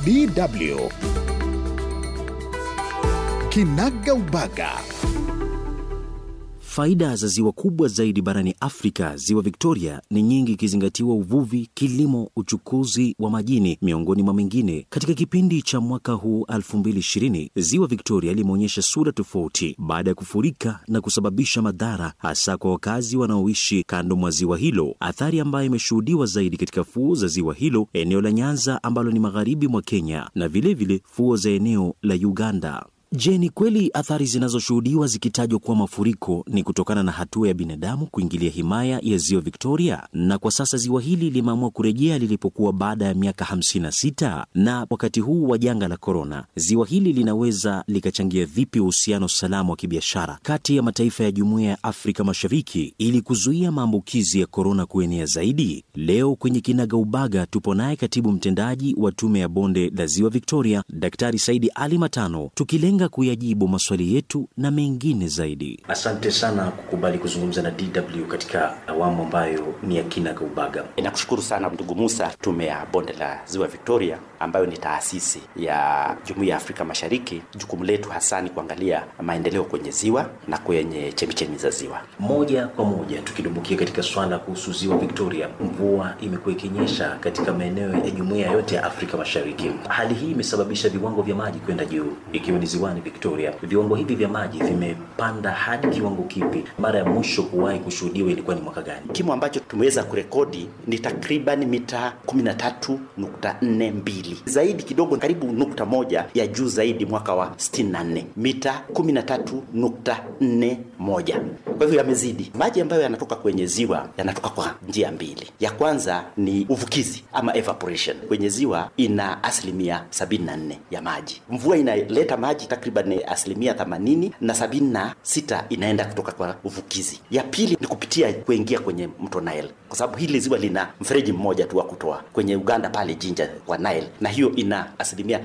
DW ubaga Faida za ziwa kubwa zaidi barani Afrika, ziwa Victoria, ni nyingi ikizingatiwa uvuvi, kilimo, uchukuzi wa majini, miongoni mwa mengine. Katika kipindi cha mwaka huu 2020 ziwa Victoria limeonyesha sura tofauti baada ya kufurika na kusababisha madhara, hasa kwa wakazi wanaoishi kando mwa ziwa hilo, athari ambayo imeshuhudiwa zaidi katika fuo za ziwa hilo, eneo la Nyanza ambalo ni magharibi mwa Kenya, na vilevile fuo za eneo la Uganda. Je, ni kweli athari zinazoshuhudiwa zikitajwa kuwa mafuriko ni kutokana na hatua ya binadamu kuingilia himaya ya ziwa Victoria? Na kwa sasa ziwa hili limeamua kurejea lilipokuwa baada ya miaka 56 na wakati huu wa janga la korona. Ziwa hili linaweza likachangia vipi uhusiano salama wa kibiashara kati ya mataifa ya Jumuiya ya Afrika Mashariki ili kuzuia maambukizi ya korona kuenea zaidi? Leo kwenye Kinaga Ubaga tupo naye katibu mtendaji wa Tume ya Bonde la Ziwa Victoria, Daktari Saidi Ali Matano, tukilenga kulenga kuyajibu maswali yetu na mengine zaidi. Asante sana kukubali kuzungumza na DW katika awamu ambayo ni ya kina kaubaga. Nakushukuru sana ndugu Musa. Tume ya bonde la ziwa Victoria ambayo ni taasisi ya jumuiya ya Afrika Mashariki, jukumu letu hasa ni kuangalia maendeleo kwenye ziwa na kwenye chemichemi za ziwa. Moja kwa moja tukidumbukia katika swala kuhusu ziwa Victoria, mvua imekuwa ikinyesha katika maeneo ya jumuiya yote ya Afrika Mashariki. Hali hii imesababisha viwango vya maji kwenda juu, ikiwa ni ziwa ziwani Victoria, viwango hivi vya maji vimepanda hadi kiwango kipi? Mara ya mwisho kuwahi kushuhudiwa ilikuwa ni mwaka gani? Kimo ambacho tumeweza kurekodi ni takriban mita 13.42, zaidi kidogo, karibu nukta moja ya juu zaidi mwaka wa 64, mita 13.41. Kwa hivyo yamezidi. Maji ambayo yanatoka kwenye ziwa yanatoka kwa njia mbili. Ya kwanza ni uvukizi ama evaporation. Kwenye ziwa ina asilimia 74 ya maji, mvua inaleta maji takriban asilimia themanini na sita inaenda kutoka kwa uvukizi. Ya pili ni kupitia kuingia kwenye mto Nile, kwa sababu hili ziwa lina mfereji mmoja tu wa kutoa kwenye Uganda pale Jinja kwa Nile, na hiyo ina asilimia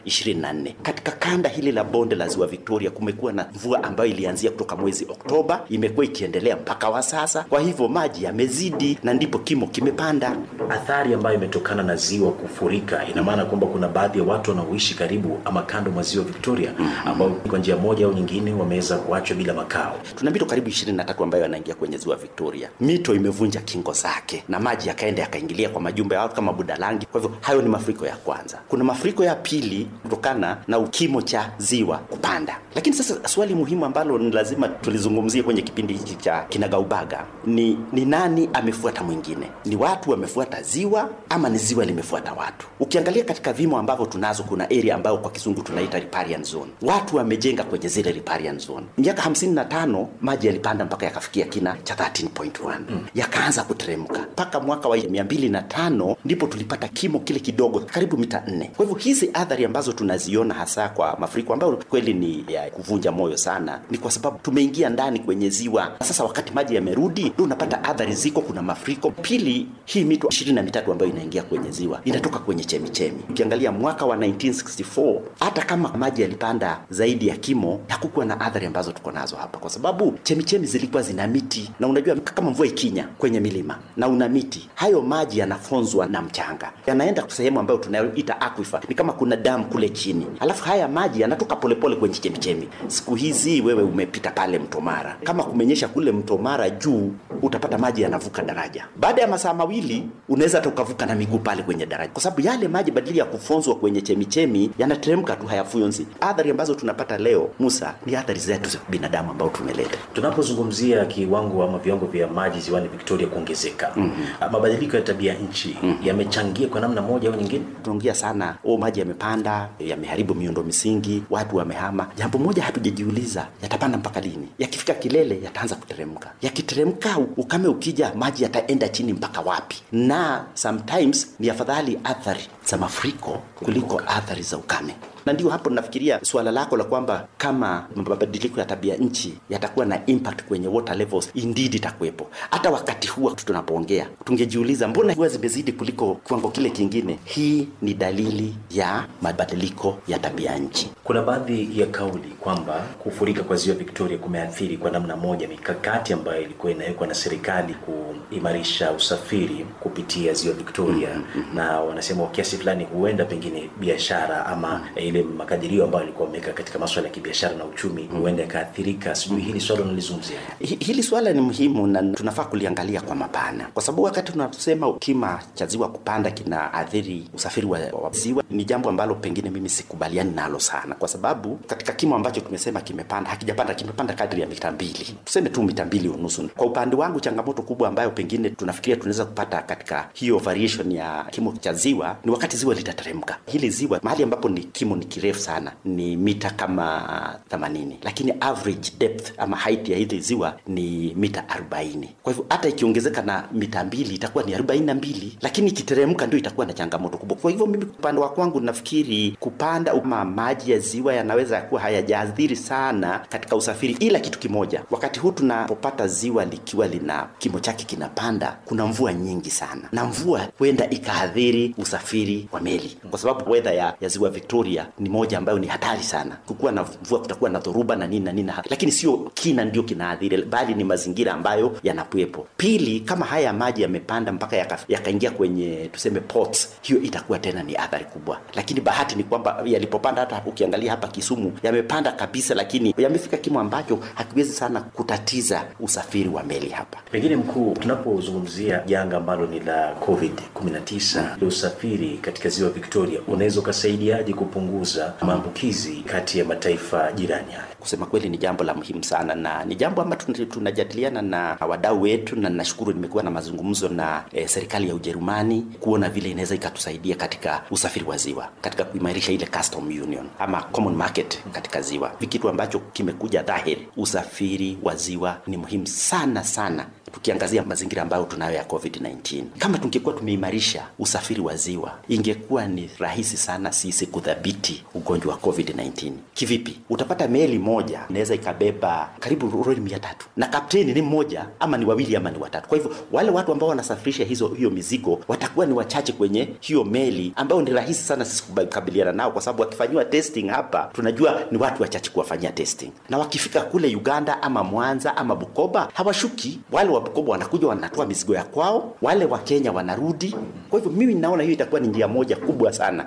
nne. Katika kanda hili la bonde la ziwa Victoria kumekuwa na mvua ambayo ilianzia kutoka mwezi Oktoba, imekuwa ikiendelea mpaka wa sasa. Kwa hivyo maji yamezidi na ndipo kimo kimepanda. Athari ambayo imetokana na ziwa kufurika, ina maana kwamba kuna baadhi ya watu wanaoishi karibu ama kando mwa ziwa Victoria mm-hmm. ambao ambao kwa njia moja au nyingine wameweza kuachwa bila makao. Tuna mito karibu 23 ambayo yanaingia kwenye ziwa Victoria. Mito imevunja kingo zake na maji yakaenda yakaingilia kwa majumba ya watu kama Budalangi. Kwa hivyo hayo ni mafuriko ya kwanza. Kuna mafuriko ya pili kutokana na ukimo cha ziwa kupanda. Lakini sasa swali muhimu ambalo ni lazima tulizungumzie kwenye kipindi hiki cha kinagaubaga ni ni nani amefuata mwingine? Ni watu wamefuata ziwa ama ni ziwa limefuata watu? Ukiangalia katika vimo ambavyo tunazo, kuna area ambayo kwa kizungu tunaita riparian zone. Watu mtu amejenga kwenye zile riparian zone. Miaka hamsini na tano maji yalipanda mpaka yakafikia kina cha 13.1 mm. yakaanza kuteremka mpaka mwaka wa mia mbili na tano ndipo tulipata kimo kile kidogo karibu mita nne. Kwa hivyo hizi athari ambazo tunaziona hasa kwa mafuriko ambayo kweli ni ya kuvunja moyo sana, ni kwa sababu tumeingia ndani kwenye ziwa. Sasa wakati maji yamerudi, ndio unapata athari ziko, kuna mafuriko. Pili, hii mito ishirini na mitatu ambayo inaingia kwenye ziwa inatoka kwenye chemichemi. Ukiangalia mwaka wa 1964 hata kama maji yalipanda zaidi ya kimo, hakukuwa na athari ambazo tuko nazo hapa, kwa sababu chemichemi zilikuwa zina miti, na unajua kama mvua ikinya kwenye milima na una miti, hayo maji yanafonzwa na mchanga, yanaenda sehemu ambayo tunayoita aquifer. Ni kama kuna damu kule chini, alafu haya maji yanatoka polepole kwenye chemichemi. Siku hizi wewe umepita pale Mto Mara, kama kumenyesha kule Mto Mara juu, utapata maji yanavuka daraja. Baada ya masaa mawili unaweza hata ukavuka na miguu pale kwenye daraja, kwa sababu yale maji badili ya kufonzwa kwenye chemichemi yanateremka tu, hayafuyonzi athari ambazo tunapata leo Musa, ni athari zetu za binadamu ambao tumeleta. Tunapozungumzia kiwango ama viwango vya maji ziwani Victoria kuongezeka, mm -hmm. mabadiliko ya tabia nchi mm -hmm. yamechangia kwa namna moja au nyingine. Tunaongea sana o, maji yamepanda, yameharibu miundo misingi, watu wamehama. Jambo moja hatujajiuliza, yatapanda mpaka lini? Yakifika kilele, yataanza kuteremka. Yakiteremka, ukame ukija, maji yataenda chini mpaka wapi? Na sometimes ni afadhali athari za mafuriko kuliko athari za ukame na ndio hapo nafikiria suala lako la kwamba kama mabadiliko ya tabia nchi yatakuwa na impact kwenye water levels, indeed itakuwepo. Hata wakati huu tunapoongea, tungejiuliza mbona huwa zimezidi kuliko kiwango kile kingine. Hii ni dalili ya mabadiliko ya tabia nchi. Kuna baadhi ya kauli kwamba kufurika kwa ziwa Victoria kumeathiri kwa namna moja mikakati ambayo ilikuwa inawekwa na serikali kuimarisha usafiri kupitia ziwa Victoria mm -hmm. na wanasema kwa kiasi fulani huenda pengine biashara ama mm -hmm zile makadirio ambayo alikuwa ameweka katika masuala ya kibiashara na uchumi hmm. huenda mm. yakaathirika. Sijui hili swala unalizungumzia? Hili swala ni muhimu na tunafaa kuliangalia kwa mapana, kwa sababu wakati tunasema kima cha ziwa kupanda kinaathiri usafiri wa, wa ziwa, ni jambo ambalo pengine mimi sikubaliani nalo sana, kwa sababu katika kimo ambacho tumesema kimepanda, hakijapanda, kimepanda kadri ya mita mbili, tuseme tu mita mbili unusu. Kwa upande wangu, changamoto kubwa ambayo pengine tunafikiria tunaweza kupata katika hiyo variation ya kimo cha ziwa ni wakati ziwa litateremka. Hili ziwa mahali ambapo ni kimo ni kirefu sana, ni mita kama 80, lakini average depth ama height ya hili ziwa ni mita 40. Kwa hivyo hata ikiongezeka na mita mbili itakuwa ni 42, lakini ikiteremka ndio itakuwa na changamoto kubwa. Kwa hivyo mimi upande wa kwangu nafikiri kupanda ama maji ya ziwa yanaweza kuwa hayajaathiri sana katika usafiri, ila kitu kimoja, wakati huu tunapopata ziwa likiwa lina kimo chake kinapanda, kuna mvua nyingi sana, na mvua huenda ikaathiri usafiri wa meli, kwa sababu weather ya, ya ziwa Victoria ni moja ambayo ni hatari sana. Kukuwa na mvua, kutakuwa na dhoruba na nini na nini, lakini sio kina ndio kinaathiri, bali ni mazingira ambayo yanakuwepo. Pili, kama haya maji yamepanda mpaka yakaingia yaka kwenye tuseme ports, hiyo itakuwa tena ni athari kubwa. Lakini bahati ni kwamba yalipopanda, hata ukiangalia hapa Kisumu yamepanda kabisa, lakini yamefika kimo ambacho hakiwezi sana kutatiza usafiri wa meli hapa. Pengine mkuu, tunapozungumzia janga ambalo ni la COVID 19 hmm. usafiri katika ziwa Victoria, unaweza ukasaidiaje kupunguza kupunguza maambukizi kati ya mataifa jirani haya. Kusema kweli ni jambo la muhimu sana na ni jambo ambalo tunajadiliana na wadau wetu, na nashukuru nimekuwa na mazungumzo na e, serikali ya Ujerumani kuona vile inaweza ikatusaidia katika usafiri wa ziwa, katika kuimarisha ile custom union ama common market katika ziwa. Ni kitu ambacho kimekuja dhahiri, usafiri wa ziwa ni muhimu sana sana tukiangazia mazingira ambayo tunayo ya COVID-19. Kama tungekuwa tumeimarisha usafiri wa ziwa, ingekuwa ni rahisi sana sisi kudhibiti ugonjwa wa COVID-19. Kivipi? Utapata meli moja inaweza ikabeba karibu roli mia tatu na kapteni ni mmoja ama ni wawili ama ni watatu. Kwa hivyo wale watu ambao wanasafirisha hizo hiyo mizigo watakuwa ni wachache kwenye hiyo meli, ambao ni rahisi sana sisi kukabiliana nao, kwa sababu wakifanyiwa testing hapa tunajua ni watu wachache kuwafanyia testing, na wakifika kule Uganda ama Mwanza ama Bukoba hawashuki wale wa wakubwa wanakuja wanatoa mizigo ya kwao, wale wa Kenya wanarudi. Kwa hivyo mimi naona hiyo itakuwa ni njia moja kubwa sana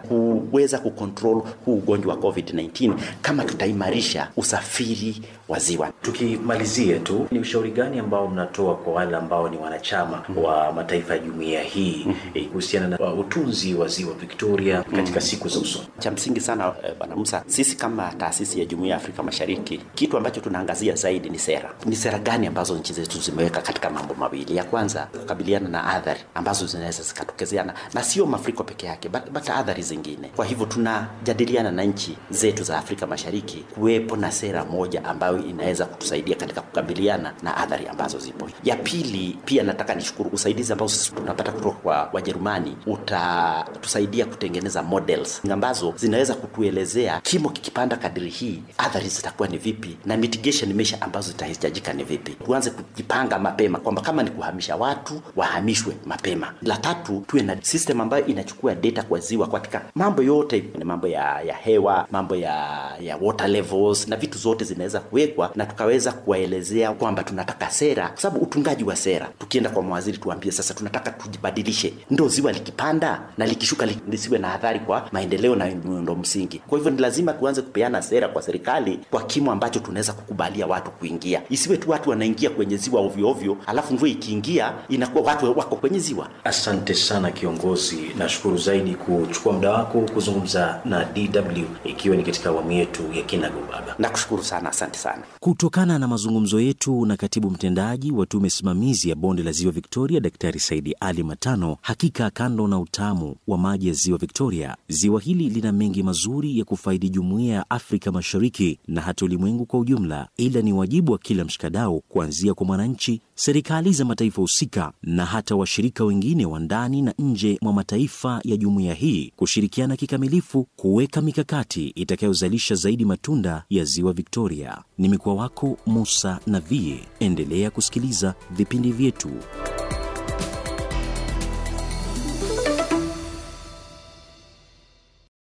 kuweza kukontrol huu ugonjwa wa COVID-19 kama tutaimarisha usafiri wa Ziwa. Tukimalizie tu, ni ushauri gani ambao mnatoa kwa wale ambao ni wanachama mm. wa mataifa ya jumuiya hii mhm. eh, kuhusiana na uh, utunzi wa Ziwa Victoria mhm. katika mm. siku za usoni? Cha msingi sana eh, Bwana Musa, sisi kama taasisi ya Jumuiya ya Afrika Mashariki, kitu ambacho tunaangazia zaidi ni sera. Ni sera gani ambazo nchi zetu zimeweka katika mambo mawili? Ya kwanza, kukabiliana na adhari ambazo zinaweza zikatokezeana na sio mafuriko peke yake, bata adhari zingine. Kwa hivyo tunajadiliana na nchi zetu za Afrika Mashariki kuwepo na sera moja ambayo ambayo inaweza kutusaidia katika kukabiliana na athari ambazo zipo. Ya pili, pia nataka nishukuru usaidizi ambao sisi tunapata kutoka kwa Wajerumani, utatusaidia kutengeneza models ambazo zinaweza kutuelezea kimo kikipanda kadiri hii athari zitakuwa ni vipi, na mitigation mesha ambazo zitahitajika ni vipi. Tuanze kujipanga mapema kwamba kama ni kuhamisha watu wahamishwe mapema. La tatu, tuwe na system ambayo inachukua data kwa ziwa katika mambo yote, mambo ya, ya hewa, mambo ya, ya water levels na vitu zote zinaweza kuwe tukapelekwa na tukaweza kuwaelezea kwamba tunataka sera, kwa sababu utungaji wa sera, tukienda kwa mawaziri tuambie sasa tunataka tujibadilishe, ndo ziwa likipanda na likishuka lisiwe na athari kwa maendeleo na miundo msingi. Kwa hivyo ni lazima tuanze kupeana sera kwa serikali kwa kimo ambacho tunaweza kukubalia watu kuingia, isiwe tu watu wanaingia kwenye ziwa ovyo ovyo, alafu mvua ikiingia inakuwa watu wako kwenye ziwa. Asante sana kiongozi, nashukuru zaidi kuchukua muda wako kuzungumza na DW ikiwa ni katika awamu yetu ya kinago. nakushukuru sana, asante sana sana. Kutokana na mazungumzo yetu na katibu mtendaji wa tume simamizi ya bonde la ziwa Victoria, Daktari Saidi Ali Matano, hakika kando na utamu wa maji ya ziwa Victoria, ziwa hili lina mengi mazuri ya kufaidi jumuiya ya Afrika Mashariki na hata ulimwengu kwa ujumla, ila ni wajibu wa kila mshikadau, kuanzia kwa mwananchi, serikali za mataifa husika na hata washirika wengine wa ndani na nje mwa mataifa ya jumuiya hii kushirikiana kikamilifu kuweka mikakati itakayozalisha zaidi matunda ya ziwa Victoria. Ni Nimekuwa wako Musa Navie. Endelea kusikiliza vipindi vyetu.